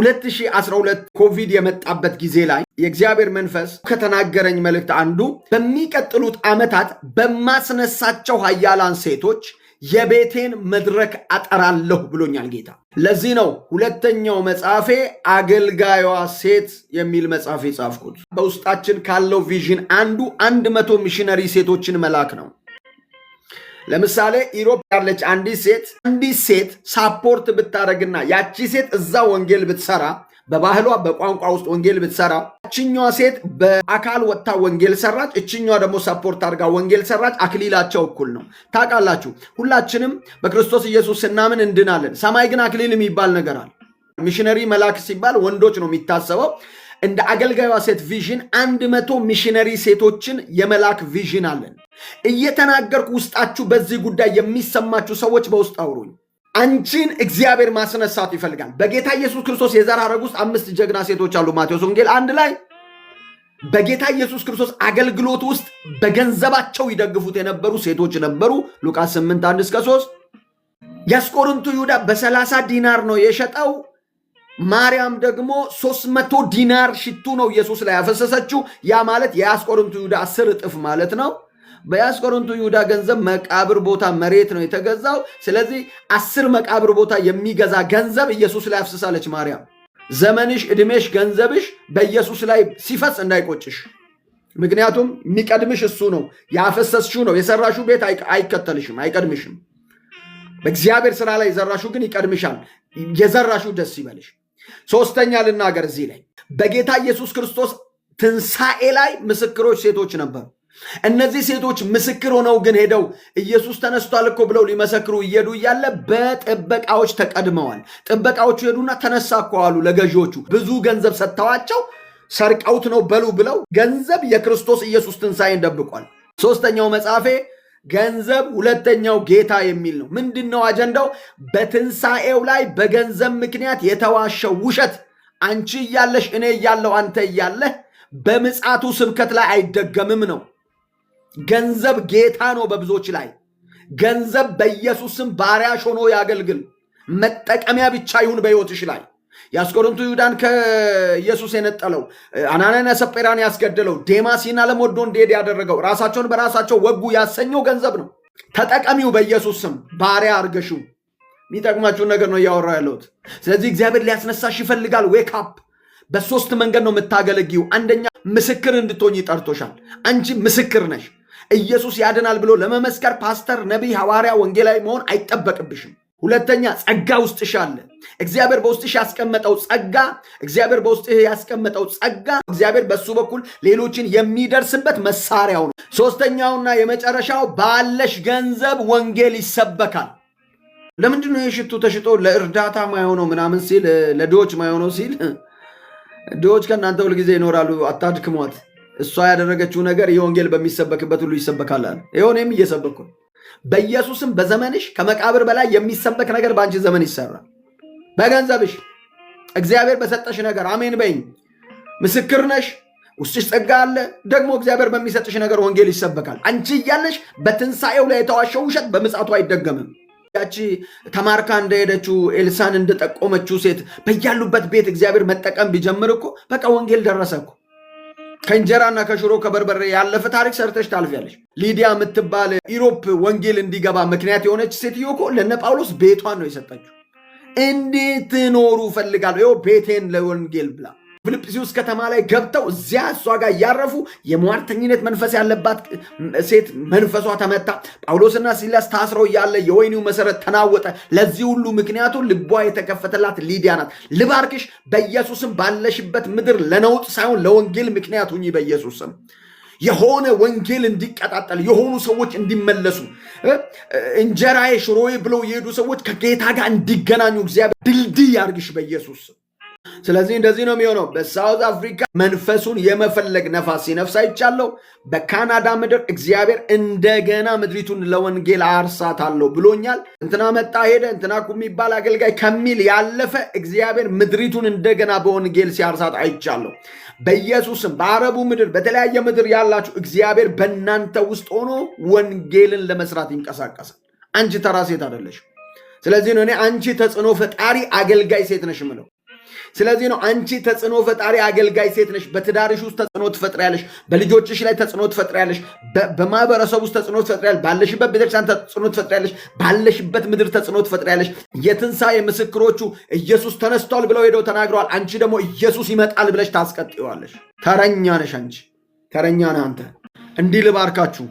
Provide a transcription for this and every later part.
2012 ኮቪድ የመጣበት ጊዜ ላይ የእግዚአብሔር መንፈስ ከተናገረኝ መልእክት አንዱ በሚቀጥሉት ዓመታት በማስነሳቸው ኃያላን ሴቶች የቤቴን መድረክ አጠራለሁ ብሎኛል ጌታ። ለዚህ ነው ሁለተኛው መጽሐፌ አገልጋዩዋ ሴት የሚል መጽሐፍ ጻፍኩት። በውስጣችን ካለው ቪዥን አንዱ አንድ መቶ ሚሽነሪ ሴቶችን መላክ ነው። ለምሳሌ ኢሮፕ ያለች አንዲት ሴት አንዲት ሴት ሳፖርት ብታደረግና ያቺ ሴት እዛ ወንጌል ብትሰራ በባህሏ በቋንቋ ውስጥ ወንጌል ብትሰራ እችኛዋ ሴት በአካል ወጥታ ወንጌል ሰራች፣ እችኛዋ ደግሞ ሰፖርት አድርጋ ወንጌል ሰራች። አክሊላቸው እኩል ነው። ታውቃላችሁ፣ ሁላችንም በክርስቶስ ኢየሱስ ስናምን እንድናለን። ሰማይ ግን አክሊል የሚባል ነገር አለ። ሚሽነሪ መላክ ሲባል ወንዶች ነው የሚታሰበው። እንደ አገልጋይዋ ሴት ቪዥን አንድ መቶ ሚሽነሪ ሴቶችን የመላክ ቪዥን አለን። እየተናገርኩ ውስጣችሁ በዚህ ጉዳይ የሚሰማችሁ ሰዎች በውስጥ አውሩኝ። አንቺን እግዚአብሔር ማስነሳት ይፈልጋል። በጌታ ኢየሱስ ክርስቶስ የዘር ሐረግ ውስጥ አምስት ጀግና ሴቶች አሉ። ማቴዎስ ወንጌል አንድ ላይ በጌታ ኢየሱስ ክርስቶስ አገልግሎት ውስጥ በገንዘባቸው ይደግፉት የነበሩ ሴቶች ነበሩ። ሉቃስ 8 1 እስከ 3 ያስቆርንቱ ይሁዳ በሰላሳ ዲናር ነው የሸጠው ማርያም ደግሞ 300 መቶ ዲናር ሽቱ ነው ኢየሱስ ላይ ያፈሰሰችው። ያ ማለት የያስቆሮንቱ ይሁዳ አስር እጥፍ ማለት ነው። በያስቆሮንቱ ይሁዳ ገንዘብ መቃብር ቦታ መሬት ነው የተገዛው። ስለዚህ አስር መቃብር ቦታ የሚገዛ ገንዘብ ኢየሱስ ላይ አፍስሳለች ማርያም። ዘመንሽ፣ እድሜሽ ገንዘብሽ በኢየሱስ ላይ ሲፈስ እንዳይቆጭሽ። ምክንያቱም የሚቀድምሽ እሱ ነው። ያፈሰስሽው ነው የሰራሹ ቤት አይከተልሽም፣ አይቀድምሽም። በእግዚአብሔር ስራ ላይ የዘራሹ ግን ይቀድምሻል። የዘራሹ ደስ ይበልሽ። ሶስተኛ ልናገር እዚህ ላይ በጌታ ኢየሱስ ክርስቶስ ትንሣኤ ላይ ምስክሮች ሴቶች ነበሩ። እነዚህ ሴቶች ምስክር ሆነው ግን ሄደው ኢየሱስ ተነስቷል እኮ ብለው ሊመሰክሩ እየሄዱ እያለ በጥበቃዎች ተቀድመዋል። ጥበቃዎቹ ሄዱና ተነሳ እኮ አሉ። ለገዢዎቹ ብዙ ገንዘብ ሰጥተዋቸው ሰርቀውት ነው በሉ ብለው ገንዘብ የክርስቶስ ኢየሱስ ትንሣኤን ደብቋል። ሶስተኛው መጽሐፌ ገንዘብ ሁለተኛው ጌታ የሚል ነው። ምንድን ነው አጀንዳው? በትንሣኤው ላይ በገንዘብ ምክንያት የተዋሸው ውሸት አንቺ እያለሽ እኔ እያለው አንተ እያለህ በምጻቱ ስብከት ላይ አይደገምም ነው። ገንዘብ ጌታ ነው በብዙዎች ላይ። ገንዘብ በኢየሱስም ስም ባሪያሽ ሆኖ ያገልግል፣ መጠቀሚያ ብቻ ይሁን በሕይወትሽ ላይ የአስቆሮንቱ ይሁዳን ከኢየሱስ የነጠለው አናንያን ሰጴራን ያስገደለው ዴማሲን ዓለም ወዶ እንዲሄድ ያደረገው ራሳቸውን በራሳቸው ወጉ ያሰኘው ገንዘብ ነው። ተጠቀሚው፣ በኢየሱስ ስም ባሪያ አርገሹ የሚጠቅማችሁን ነገር ነው እያወራ ያለሁት። ስለዚህ እግዚአብሔር ሊያስነሳሽ ይፈልጋል። ዌክ አፕ። በሶስት መንገድ ነው የምታገለጊው። አንደኛ ምስክር እንድትሆኝ ይጠርቶሻል አንቺ ምስክር ነሽ። ኢየሱስ ያድናል ብሎ ለመመስከር ፓስተር፣ ነቢይ፣ ሐዋርያ፣ ወንጌላዊ መሆን አይጠበቅብሽም። ሁለተኛ ጸጋ ውስጥሽ አለ። እግዚአብሔር በውስጥሽ ያስቀመጠው ጸጋ እግዚአብሔር በውስጥ ያስቀመጠው ጸጋ እግዚአብሔር በሱ በኩል ሌሎችን የሚደርስበት መሳሪያው ነው። ሶስተኛውና የመጨረሻው ባለሽ ገንዘብ ወንጌል ይሰበካል። ለምንድን ነው የሽቱ ተሽጦ ለእርዳታ ማይሆነው ምናምን ሲል ለድሆች ማይሆነው ሲል ድሆች ከእናንተ ሁልጊዜ ይኖራሉ፣ አታድክሟት። እሷ ያደረገችው ነገር ይህ ወንጌል በሚሰበክበት ሁሉ ይሰበካል አለ። ይኸው እኔም እየሰበኩ በኢየሱስም በዘመንሽ ከመቃብር በላይ የሚሰበክ ነገር በአንቺ ዘመን ይሰራል። በገንዘብሽ እግዚአብሔር በሰጠሽ ነገር አሜን በይኝ። ምስክር ነሽ። ውስጥሽ ጸጋ አለ። ደግሞ እግዚአብሔር በሚሰጥሽ ነገር ወንጌል ይሰበካል። አንቺ እያለሽ በትንሣኤው ላይ የተዋሸው ውሸት በምጻቱ አይደገምም። ያቺ ተማርካ እንደሄደችው ኤልሳን እንደጠቆመችው ሴት በያሉበት ቤት እግዚአብሔር መጠቀም ቢጀምር እኮ በቃ ወንጌል ደረሰ እኮ። ከእንጀራና ከሽሮ ከበርበሬ ያለፈ ታሪክ ሰርተሽ ታልፊያለሽ። ሊዲያ የምትባል ኢሮፕ ወንጌል እንዲገባ ምክንያት የሆነች ሴትዮ እኮ ለነ ጳውሎስ ቤቷን ነው የሰጠችው። እንዴት ትኖሩ እፈልጋለሁ ቤቴን ለወንጌል ብላ ፊልጵስዩስ ከተማ ላይ ገብተው እዚያ እሷ ጋር እያረፉ የሟርተኝነት መንፈስ ያለባት ሴት መንፈሷ ተመታ። ጳውሎስና ሲላስ ታስረው እያለ የወይኒው መሰረት ተናወጠ። ለዚህ ሁሉ ምክንያቱ ልቧ የተከፈተላት ሊዲያ ናት። ልባርክሽ በኢየሱስም ባለሽበት ምድር ለነውጥ ሳይሆን ለወንጌል ምክንያት ሁኚ። በኢየሱስም የሆነ ወንጌል እንዲቀጣጠል የሆኑ ሰዎች እንዲመለሱ እንጀራዬ ሽሮዬ ብለው የሄዱ ሰዎች ከጌታ ጋር እንዲገናኙ እግዚአብሔር ድልድይ ያርግሽ በኢየሱስ ስለዚህ እንደዚህ ነው የሚሆነው። በሳውዝ አፍሪካ መንፈሱን የመፈለግ ነፋስ ሲነፍስ አይቻለሁ። በካናዳ ምድር እግዚአብሔር እንደገና ምድሪቱን ለወንጌል አርሳታለሁ ብሎኛል። እንትና መጣ ሄደ፣ እንትና እኮ የሚባል አገልጋይ ከሚል ያለፈ እግዚአብሔር ምድሪቱን እንደገና በወንጌል ሲያርሳት አይቻለሁ። በኢየሱስም በአረቡ ምድር፣ በተለያየ ምድር ያላችሁ እግዚአብሔር በእናንተ ውስጥ ሆኖ ወንጌልን ለመስራት ይንቀሳቀሳል። አንቺ ተራ ሴት አደለሽ። ስለዚህ ነው እኔ አንቺ ተጽዕኖ ፈጣሪ አገልጋይ ሴት ነሽ ምለው ስለዚህ ነው አንቺ ተጽዕኖ ፈጣሪ አገልጋይ ሴት ነሽ። በትዳርሽ ውስጥ ተጽዕኖ ትፈጥሪያለሽ። በልጆችሽ ላይ ተጽዕኖ ትፈጥሪያለሽ። በማህበረሰብ ውስጥ ተጽዕኖ ትፈጥሪያለሽ። ባለሽበት ቤተክርስቲያን ተጽዕኖ ትፈጥሪያለሽ። ባለሽበት ምድር ተጽዕኖ ትፈጥሪያለሽ። የትንሣኤ ምስክሮቹ ኢየሱስ ተነስቷል ብለው ሄደው ተናግረዋል። አንቺ ደግሞ ኢየሱስ ይመጣል ብለሽ ታስቀጥዋለሽ። ተረኛ ነሽ አንቺ፣ ተረኛ ነህ አንተ። እንዲህ ልባርካችሁ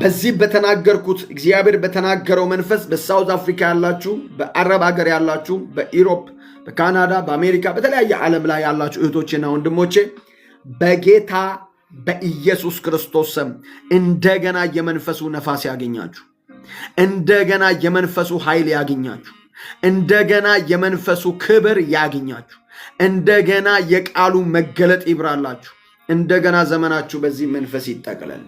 በዚህ በተናገርኩት እግዚአብሔር በተናገረው መንፈስ በሳውዝ አፍሪካ ያላችሁ፣ በአረብ ሀገር ያላችሁ፣ በኢሮፕ በካናዳ፣ በአሜሪካ፣ በተለያየ ዓለም ላይ ያላችሁ እህቶቼና ወንድሞቼ በጌታ በኢየሱስ ክርስቶስ ስም እንደገና የመንፈሱ ነፋስ ያገኛችሁ፣ እንደገና የመንፈሱ ኃይል ያገኛችሁ፣ እንደገና የመንፈሱ ክብር ያገኛችሁ፣ እንደገና የቃሉ መገለጥ ይብራላችሁ፣ እንደገና ዘመናችሁ በዚህ መንፈስ ይጠቅለል።